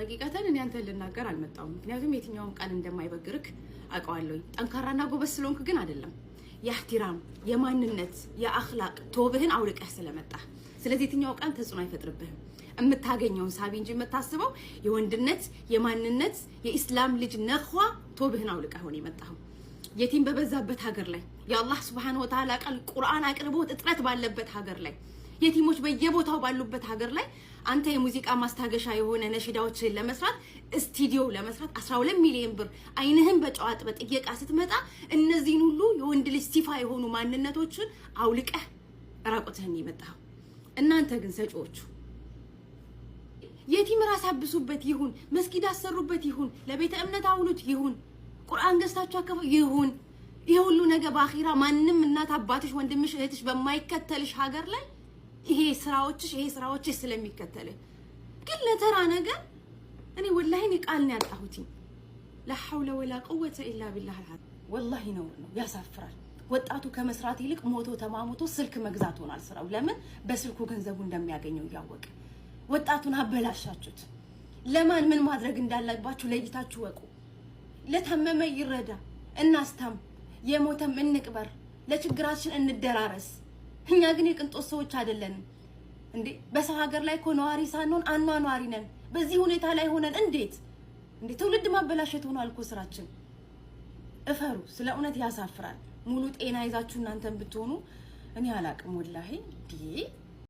ሀቂቀተን እኔ አንተን ልናገር አልመጣውም፣ ምክንያቱም የትኛውም ቀን እንደማይበግርክ አውቀዋለሁኝ። ጠንካራና ጎበዝ ስለሆንክ ግን አይደለም፣ የአህቲራም የማንነት የአክላቅ ቶብህን አውልቀህ ስለመጣ ስለዚህ የትኛው ቀን ተጽዕኖ አይፈጥርብህም። የምታገኘውን ሳቢ እንጂ የምታስበው የወንድነት የማንነት የኢስላም ልጅ ነኳ ቶብህን አውልቀህ ሆን የመጣኸው የቲም በበዛበት ሀገር ላይ የአላህ ስብሓን ወተዓላ ቃል ቁርአን አቅርቦት እጥረት ባለበት ሀገር ላይ የቲሞች በየቦታው ባሉበት ሀገር ላይ አንተ የሙዚቃ ማስታገሻ የሆነ ነሽዳዎችን ለመስራት ስቱዲዮ ለመስራት 12 ሚሊዮን ብር አይንህን በጨዋጥ በጥየቃ ስትመጣ እነዚህን ሁሉ የወንድ ልጅ ሲፋ የሆኑ ማንነቶችን አውልቀህ ራቁትህን የመጣው እናንተ ግን ሰጪዎቹ የቲም ራስ አብሱበት ይሁን መስጊድ አሰሩበት ይሁን ለቤተ እምነት አውሉት ይሁን ቁርአን ገዝታችሁ አከፉ ይሁን ሁሉ ነገር በአኺራ ማንም እናት አባትሽ፣ ወንድምሽ፣ እህትሽ በማይከተልሽ ሀገር ላይ ይሄ ስራዎችሽ ይሄ ስራዎችሽ ስለሚከተል ግን ለተራ ነገር እኔ ወላሂ እኔ ቃል ነው ለሐውለ ወላ ቁወተ ኢላ ቢላህ አልሐ ወላሂ ነው ነው፣ ያሳፍራል። ወጣቱ ከመስራት ይልቅ ሞቶ ተማሙቶ ስልክ መግዛት ሆኗል ስራው። ለምን በስልኩ ገንዘቡ እንደሚያገኘው እያወቀ ወጣቱን አበላሻችሁት። ለማን ምን ማድረግ እንዳለባችሁ ለይታችሁ ወቁ። ለታመመ ይረዳ እናስታም፣ የሞተም እንቅበር፣ ለችግራችን እንደራረስ። እኛ ግን የቅንጦት ሰዎች አይደለንም እንዴ! በሰው ሀገር ላይ እኮ ነዋሪ ሳንሆን አኗኗሪ ነን። በዚህ ሁኔታ ላይ ሆነን እንዴት እንዴ! ትውልድ ማበላሸት ሆኗል እኮ ስራችን። እፈሩ፣ ስለ እውነት ያሳፍራል። ሙሉ ጤና ይዛችሁ እናንተን ብትሆኑ እኔ አላቅም ወላሂ።